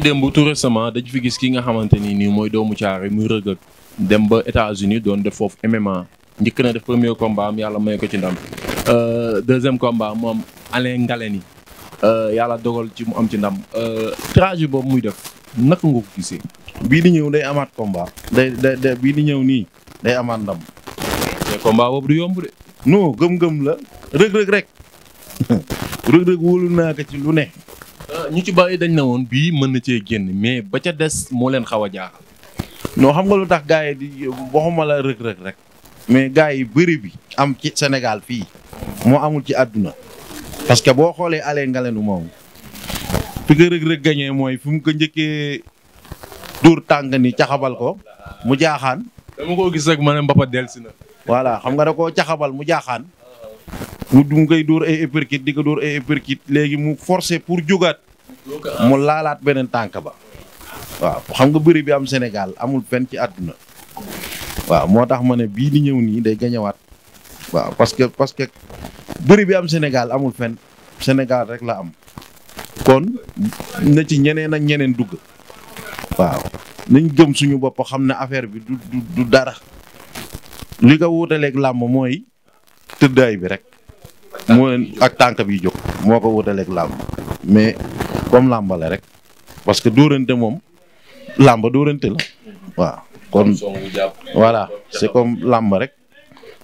démb tout récemment dañ fi gis ki nga xamante ni nii mooy doomu caari muy rëgg dem ba États-Unis don def foofu MMA njëkk na def premier combat yàlla may ko ci ndam euh, deuxième combat mu am Alain Ngalani euh, yàlla dogal ci mu am ci ndam euh, trajet boobu muy def naka nga ko gisee. bii di ñëw day amaat combat. day day bii di ñëw nii day amaat ndam. te combat boobu du yomb de. non gëm-gëm la. rëg-rëg rek rëg-rëg ci lu ne. ñu ci bàyyi dañ na woon bii mën na cee génn mais ba ca des moo leen xaw a jaaxal. noo xam nga lu tax gaay yi di waxuma la rëg rëg mais gars yi bëri bi am ci senegal fii moo amul ci àdduna parce que boo xoolee alee ngalendu moom fi ko rëg-rëg gañee mooy fu mu ko njëkkee duur tànk ni caxabal ko mu jaaxaan dama koo gis rek ma ne Mbappa delsi na voilà xam nga da koo caxabal mu jaaxaan mu dum koy dóor ay uppercut di ko dóor ay léegi mu force pour jógaat mu laalaat beneen tànka ba waaw xam nga bëri bi am Sénégal amul fenn ci àdduna waaw moo tax ma ne bii di ñëw nii day gañewaat waaw parce que parce que bëri bi am Sénégal amul fenn Sénégal rek la am kon na ci ñeneen ak ñeneen dugg waaw nañ gëm suñu bopp xam ne affaire bi du du dara li ko wutaleeg làmb mooy tëddaay bi rek moo ak tànk bi jóg moo ko wutaleeg làmb mais comme làmbale rek parce que dóorante moom làmba dóorante la waaw kon voilà c'est comme lamba rek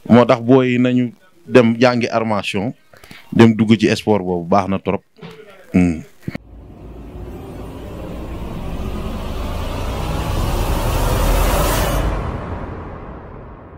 moo tax booy nañu dem jàngi armation dem dugg ci sport boobu baax na trop. Hmm.